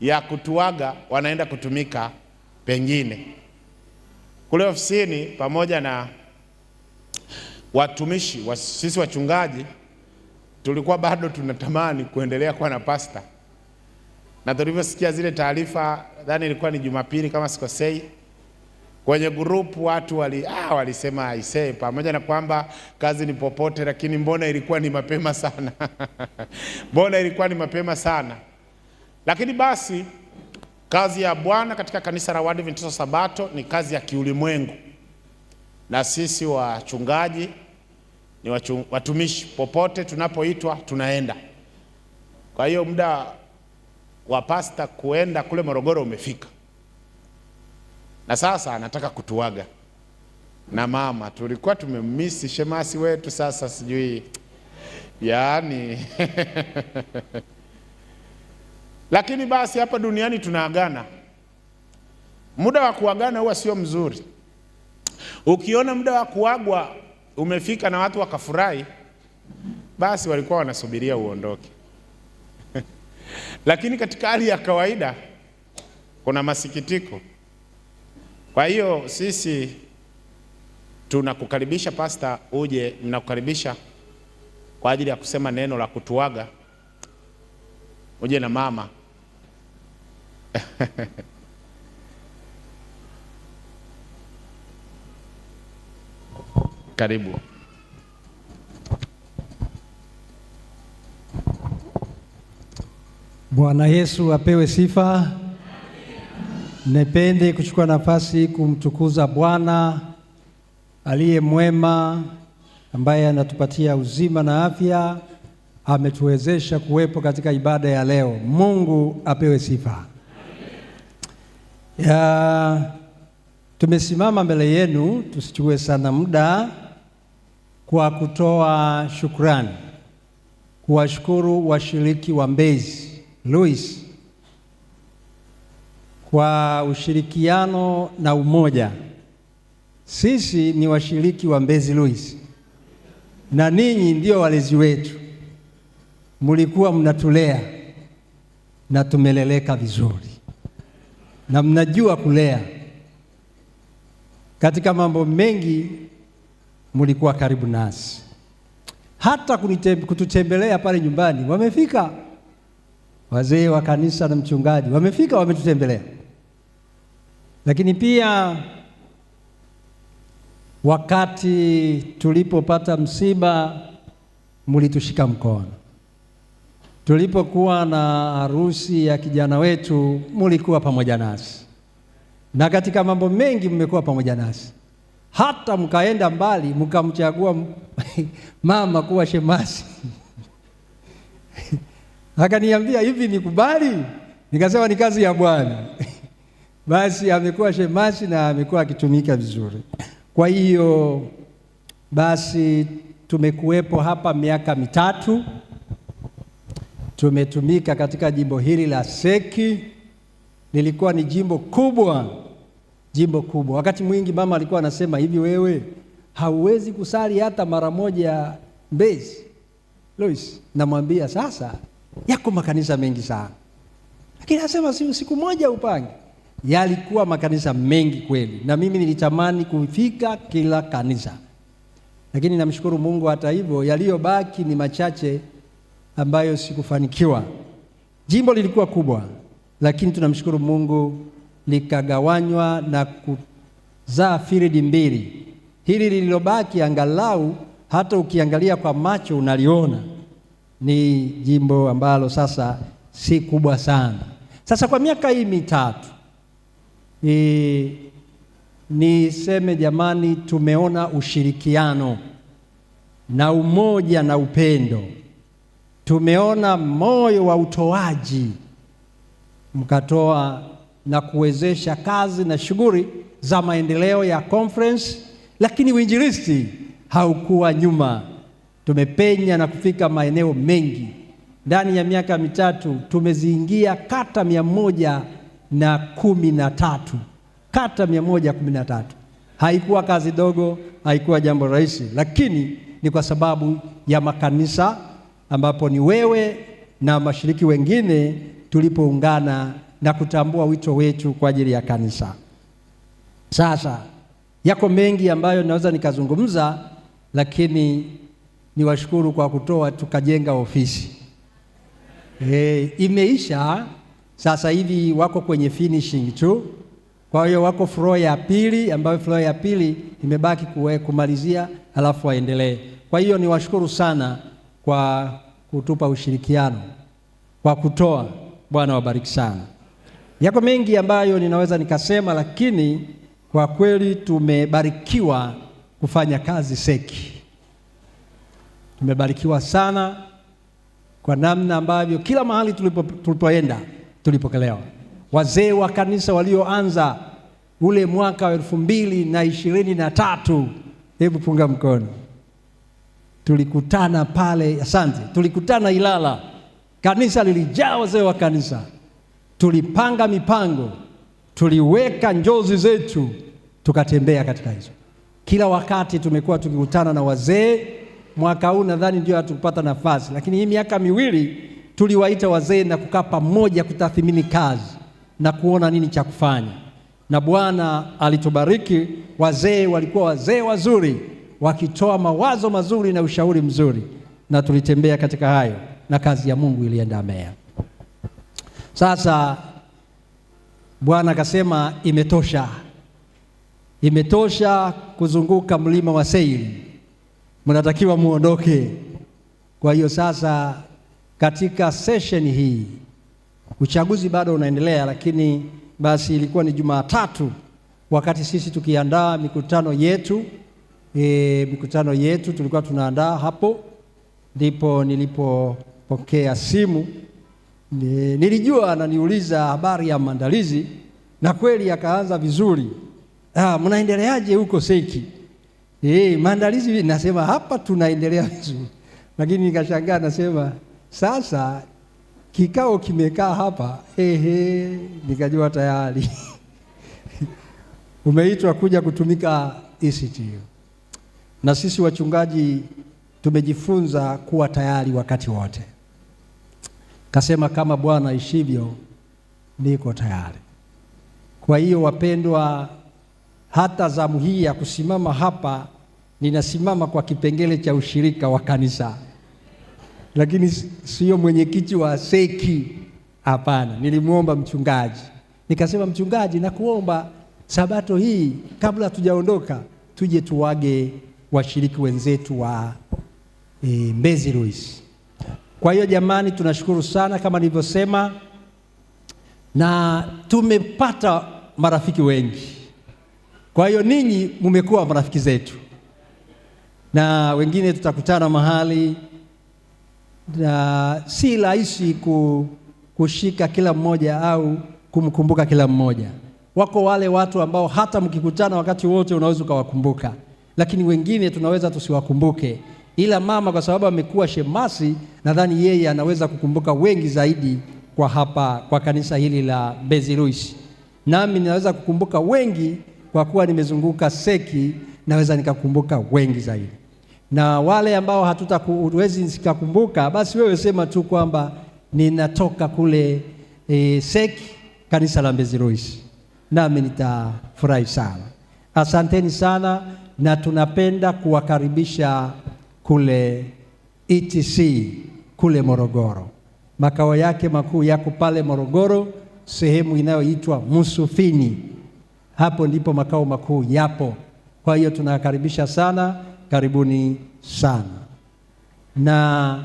ya kutuaga wanaenda kutumika pengine kule ofisini, pamoja na watumishi wa sisi wachungaji. Tulikuwa bado tunatamani kuendelea kuwa na pasta, na tulivyosikia zile taarifa, dhani ilikuwa ni Jumapili kama sikosei, kwenye grupu watu wali, ah, walisema aisee, pamoja na kwamba kazi ni popote, lakini mbona ilikuwa ni mapema sana mbona ilikuwa ni mapema sana lakini basi kazi ya Bwana katika kanisa la Waadventista Sabato ni kazi ya kiulimwengu, na sisi wachungaji ni wachung, watumishi popote tunapoitwa tunaenda. Kwa hiyo muda wa pasta kuenda kule Morogoro umefika, na sasa anataka kutuaga na mama, tulikuwa tumemisi shemasi wetu, sasa sijui yaani Lakini basi hapa duniani tunaagana, muda wa kuagana huwa sio mzuri. Ukiona muda wa kuagwa umefika na watu wakafurahi, basi walikuwa wanasubiria uondoke. Lakini katika hali ya kawaida kuna masikitiko. Kwa hiyo sisi tunakukaribisha pasta, uje, mnakukaribisha kwa ajili ya kusema neno la kutuaga, uje na mama Karibu. Bwana Yesu apewe sifa. nipende kuchukua nafasi kumtukuza Bwana aliye mwema, ambaye anatupatia uzima na afya, ametuwezesha kuwepo katika ibada ya leo. Mungu apewe sifa. Ya, tumesimama mbele yenu, tusichukue sana muda kwa kutoa shukrani, kuwashukuru washiriki wa Mbezi Luis kwa ushirikiano na umoja. Sisi ni washiriki wa Mbezi Luis na ninyi ndio walezi wetu, mlikuwa mnatulea na tumeleleka vizuri na mnajua kulea. Katika mambo mengi mlikuwa karibu nasi, hata kututembelea pale nyumbani. Wamefika wazee wa kanisa na mchungaji, wamefika wametutembelea, lakini pia wakati tulipopata msiba mlitushika mkono tulipokuwa na harusi ya kijana wetu, mulikuwa pamoja nasi, na katika mambo mengi mmekuwa pamoja nasi, hata mkaenda mbali mkamchagua mama kuwa shemasi akaniambia hivi, nikubali? Nikasema ni kazi ya Bwana. Basi amekuwa shemasi na amekuwa akitumika vizuri. Kwa hiyo basi tumekuwepo hapa miaka mitatu tumetumika katika jimbo hili la Seki. Lilikuwa ni jimbo kubwa, jimbo kubwa. Wakati mwingi mama alikuwa anasema hivi, wewe hauwezi kusali hata mara moja Mbezi Lois. Namwambia sasa, yako makanisa mengi sana, lakini anasema si siku moja upange. Yalikuwa makanisa mengi kweli, na mimi nilitamani kufika kila kanisa, lakini namshukuru Mungu, hata hivyo yaliyobaki ni machache ambayo sikufanikiwa. Jimbo lilikuwa kubwa, lakini tunamshukuru Mungu likagawanywa na kuzaa firidi mbili. Hili lililobaki angalau hata ukiangalia kwa macho unaliona ni jimbo ambalo sasa si kubwa sana. Sasa kwa miaka hii mitatu e, niseme jamani, tumeona ushirikiano na umoja na upendo tumeona moyo wa utoaji, mkatoa na kuwezesha kazi na shughuli za maendeleo ya conference, lakini uinjilisti haukuwa nyuma. Tumepenya na kufika maeneo mengi. Ndani ya miaka mitatu tumeziingia kata mia moja na kumi na tatu kata mia moja kumi na tatu. Haikuwa kazi dogo, haikuwa jambo rahisi, lakini ni kwa sababu ya makanisa ambapo ni wewe na mashiriki wengine tulipoungana na kutambua wito wetu kwa ajili ya kanisa. Sasa yako mengi ambayo naweza nikazungumza, lakini niwashukuru kwa kutoa, tukajenga ofisi e, imeisha sasa hivi wako kwenye finishing tu. Kwa hiyo wako floor ya pili, ambayo floor ya pili imebaki kumalizia, alafu waendelee. Kwa hiyo niwashukuru sana kwa kutupa ushirikiano, kwa kutoa. Bwana wabariki sana. Yako mengi ambayo ninaweza nikasema, lakini kwa kweli tumebarikiwa kufanya kazi seki. Tumebarikiwa sana kwa namna ambavyo kila mahali tulipo, tulipoenda tulipokelewa. Wazee wa kanisa walioanza ule mwaka wa elfu mbili na ishirini na tatu, hebu punga mkono tulikutana pale, asante, tulikutana Ilala, kanisa lilijaa wazee wa kanisa, tulipanga mipango, tuliweka njozi zetu, tukatembea katika hizo. Kila wakati tumekuwa tukikutana na wazee. Mwaka huu nadhani ndio hatukupata nafasi, lakini hii miaka miwili tuliwaita wazee na kukaa pamoja kutathimini kazi na kuona nini cha kufanya, na Bwana alitubariki. Wazee walikuwa wazee wazuri wakitoa mawazo mazuri na ushauri mzuri, na tulitembea katika hayo na kazi ya Mungu ilienda mea. Sasa Bwana akasema imetosha, imetosha kuzunguka mlima wa Seiri, mnatakiwa muondoke. Kwa hiyo sasa katika sesheni hii uchaguzi bado unaendelea, lakini basi ilikuwa ni Jumatatu wakati sisi tukiandaa mikutano yetu e, mikutano yetu tulikuwa tunaandaa hapo, ndipo nilipopokea simu e, nilijua ananiuliza habari ya maandalizi, na kweli akaanza vizuri. Ah, mnaendeleaje huko Seki? Eh, maandalizi nasema hapa tunaendelea vizuri, lakini nikashangaa, nasema sasa kikao kimekaa hapa ehe, nikajua tayari umeitwa kuja kutumika ECTU na sisi wachungaji tumejifunza kuwa tayari wakati wote. Kasema kama Bwana ishivyo, niko tayari. Kwa hiyo wapendwa, hata zamu hii ya kusimama hapa ninasimama kwa kipengele cha ushirika wa kanisa, lakini siyo mwenyekiti wa seki. Hapana, nilimwomba mchungaji nikasema, mchungaji, nakuomba sabato hii kabla tujaondoka, tuje tuwage washiriki wenzetu wa e, Mbezi Luis. Kwa hiyo jamani, tunashukuru sana kama nilivyosema, na tumepata marafiki wengi. Kwa hiyo ninyi mmekuwa marafiki zetu, na wengine tutakutana mahali, na si rahisi kushika kila mmoja au kumkumbuka kila mmoja. Wako wale watu ambao hata mkikutana wakati wote unaweza ukawakumbuka lakini wengine tunaweza tusiwakumbuke, ila mama kwa sababu amekuwa shemasi, nadhani yeye anaweza kukumbuka wengi zaidi kwa hapa kwa kanisa hili la Mbezi Luis. Nami ninaweza kukumbuka wengi kwa kuwa nimezunguka seki, naweza nikakumbuka wengi zaidi. Na wale ambao hatutawezi nikakumbuka, basi wewe sema tu kwamba ninatoka kule e, seki kanisa la Mbezi Luis, nami nitafurahi sana. Asanteni sana na tunapenda kuwakaribisha kule ETC kule Morogoro. Makao yake makuu yako pale Morogoro, sehemu inayoitwa Musufini. Hapo ndipo makao makuu yapo. Kwa hiyo tunawakaribisha sana, karibuni sana na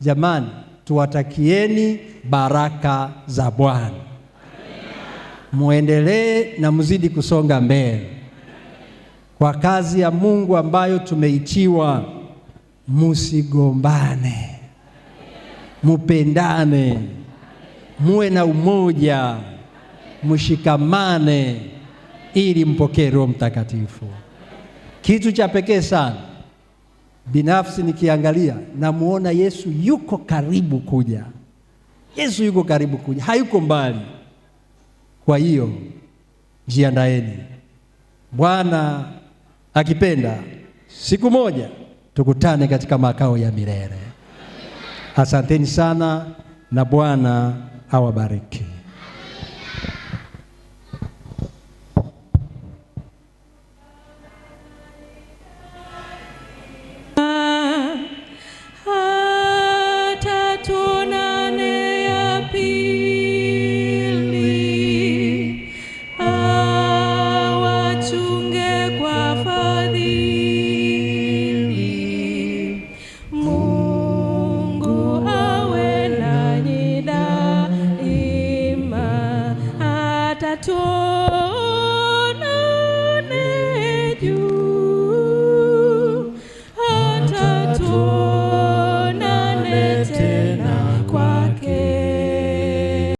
jamani, tuwatakieni baraka za Bwana, muendelee na mzidi kusonga mbele kwa kazi ya Mungu ambayo tumeitiwa. Musigombane, mupendane, muwe na umoja, mushikamane ili mpokee Roho Mtakatifu. Kitu cha pekee sana, binafsi nikiangalia, namuona Yesu yuko karibu kuja. Yesu yuko karibu kuja, hayuko mbali. Kwa hiyo jiandaeni, Bwana akipenda, siku moja tukutane katika makao ya milele. Asanteni sana na Bwana awabariki.